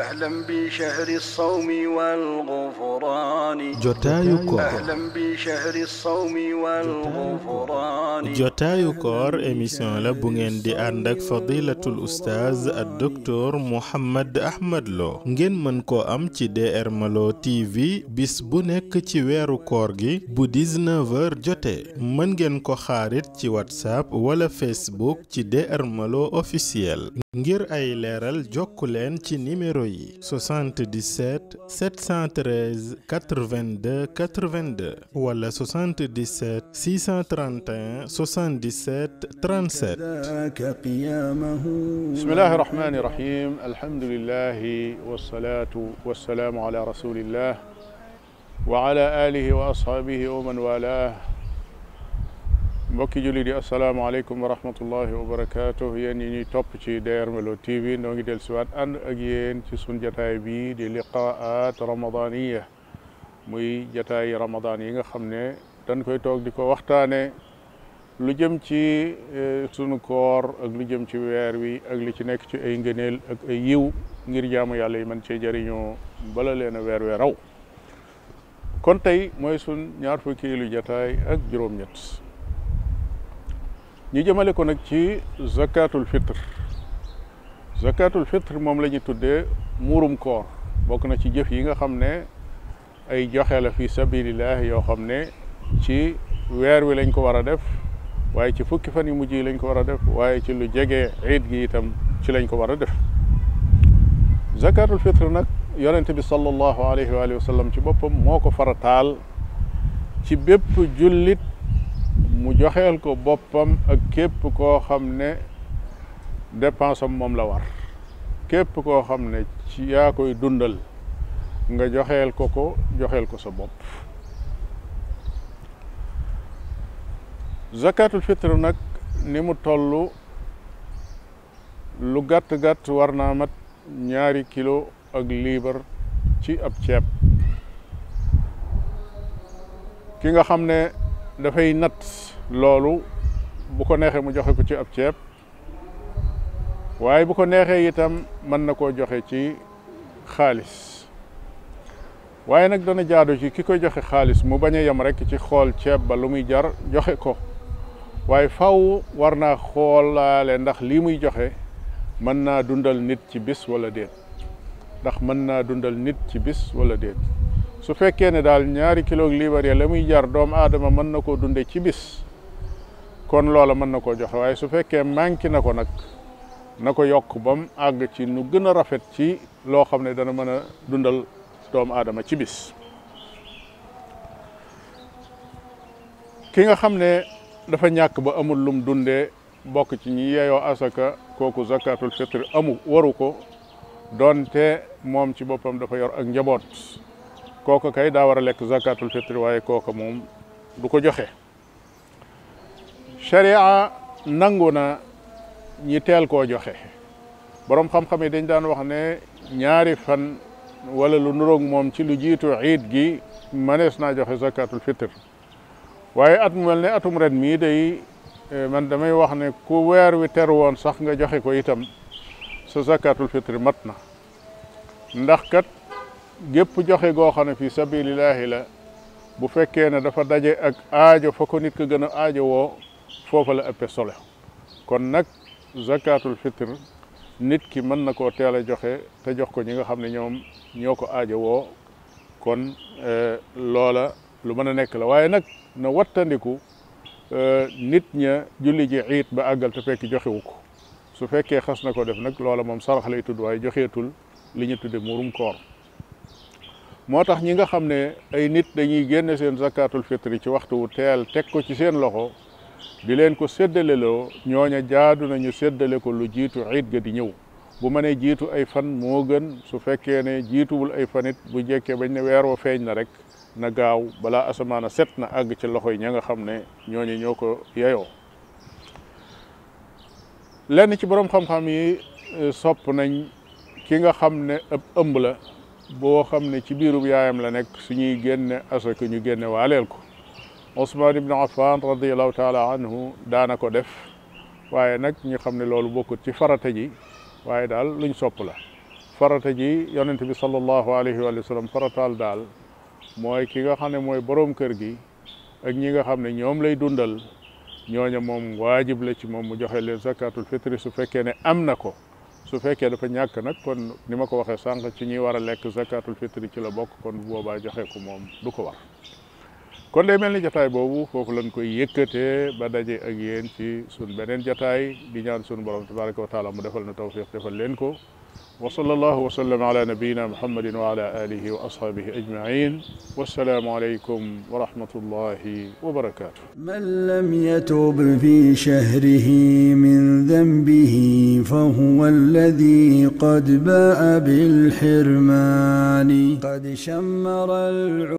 ahlan bi shahri jotaayu koor ahlan la bu ngeen di ànd ak fadilatul ustaaz ak docteur Mouhammad Ahmad Lo ngeen mën ko am ci DR Malo TV bis bu nekk ci weeru koor gi bu 19h jotee mën ngeen ko xaarit ci whatsapp wala facebook ci DR Malo officiel ngir ay leeral jokku leen ci numéro yi 77 713 82 82 wala 77 631 77 37 bismillahi rahmani rahim alhamdulillahi wassalatu wassalaamu ala rasulillah wa ala alihi wa mbokki jullit di asalaamaaleykum wa rahmatullahi wa barakaatu yéen ñi ñuy topp ci DR Melo TV noo ngi del siwaat ànd ak yéen ci sun jataay bii di liqaat ramadaniya muy jataay ramadan yi nga xam ne dañ koy toog di ko waxtaane lu jëm ci e, sunu koor ak lu jëm ci weer wi ak li ci nekk ci ay ngëneel ak ay yiw ngir jaamu yàlla yi mën cee jëriñoo bala leen a weer wee kon tey mooy sun ñaar fukkeelu jataay ak juróom-ñett ñu jëmale ko nag ci zakatul fitre zakatul fitre moom la tudde tuddee muurum koor bokk na ci jëf yi nga xam ne ay joxe la fi sabilillah yoo xam ne ci weer wi lañ ko war a def waaye ci fukki fan yu mujj yi lañ ko war a def waaye ci lu jege iid gi itam ci lañ ko war a def zakatul fitre nag yonente bi sallallahu alayhi wa sallam ci boppam moo ko taal ci bépp jullit mu joxeel ko boppam ak képp koo xam ne dépense moom la war képp koo xam ne ci yaa koy dundal nga joxeel ko ko joxeel ko sa bopp zakatul fitre nag ni mu toll lu gàtt-gàtt war mat ñaari kilo ak liibar ci ab ceeb ki nga xam ne dafay nat loolu bu ko neexee mu joxe ko ci ab ceeb waaye bu ko neexee itam mën na koo joxe ci xaalis waaye nag dana jaado ci ki koy joxe xaalis mu bañ a yem rek ci xool ceeb ba lu muy jar joxe ko waaye faw war naa xoolaale ndax lii muy joxe mën naa dundal nit ci bis walla déet ndax mën naa dundal nit ci bis walla déet su fekkee ne daal ñaari kilo liibar ya la muy jar doomu aadama mën na koo dunde ci bis kon loola mën na koo joxe waaye su fekkee manqué na ko nag na ko yokk bam mu àgg ci nu gën a rafet ci loo xam ne dana mën a dundal doomu aadama ci bis ki nga xam ne dafa ñàkk ba amul lum dundee bokk ci ñi yeeyoo asaka kooku zakatul fitr amu waru ko doonte moom ci boppam dafa yor ak njaboot kooka kay daa war a lekk zakatul fitri waaye kooka moom du ko joxe sharia nangu na ñi teel koo joxe borom xam-xam yi dañ daan wax ne ñaari fan wala lu nuroog moom ci lu jiitu iid gi manees naa joxe zakatul fitr waaye at mu mel ne atum ren mii day eh, man damay wax ne ku weer wi ter woon sax nga joxe ko itam sa zakatul fitr mat na ndax kat gépp joxe goo xam ne fii sabilillahi la bu fekkee ne dafa daje ak aajo fa ko nit ko gën a aajo woo foofa la ëppe solo kon nag zakatul fitr nit ki mën na koo teel a joxe te jox ko ñi nga xam ne ñoom ñoo ko aajo woo kon eh, loola lu mën a nekk la waaye nag na wattandiku eh, nit ña julli ji ayit ba àggal te fekk joxewu ko su fekkee xas na ko def nag loola moom sarax lay tudd waaye joxeetul li ñu tudde murum koor moo tax ñi nga xam ne ay nit dañuy génn seen zakatul fitri ci waxtu wu teel teg ko ci seen loxo di leen ko séddaleloo ñooña jaadu nañu seddale ko lu jiitu iid ga di ñëw bu mënee jiitu ay fan moo gën su fekkee ne jiituwul ay fanit bu jekkee bañ ne weer wa feeñ na rek na gaaw balaa asamaan a set na àgg ci loxo yi ña nga xam ne ñooñu ñoo ko yeyoo lenn ci boroom xam-xam yi eh, sopp nañ ki nga xam ne ab ëmb la boo xam ne ci biirub yaayam la nekk suñuy génne asaka ñu génne waleel ko Ousmane ibn Affan radiallahu taala anhu daana ko def waaye nag ñu xam ne loolu bokkut ci farata ji waaye daal luñ sopp la farata ji yonent bi sallallahu alayhi wa sallam farataal daal mooy kii nga xam ne mooy boroom kër gi ak ñi nga xam ne ñoom lay dundal ñooña moom waajib la ci moom mu joxe leen zakatul fitri su fekkee ne am na ko su fekkee dafa ñàkk nag kon ni ma ko waxee sànq ci ñi war a lekk zakatul fitri ci la bokk kon bu boobaa joxe ko moom du ko war kon day mel ni jataay boobu foofu lañ koy yëkkatee ba daje ak yéen ci sun beneen jataay di ñaan sun borom tabaraka wa taala mu defal na tawfiq defal leen ko wa sallallahu wa sallam ala nabiyina muhammadin wa ala alihi wa ashabihi ajmain wassalaamu alaykum wa rahmatullahi wa barakatuh man lam yatub fi shahrihi min dhanbihi fa huwa alladhi qad ba'a bil hirmani qad shammara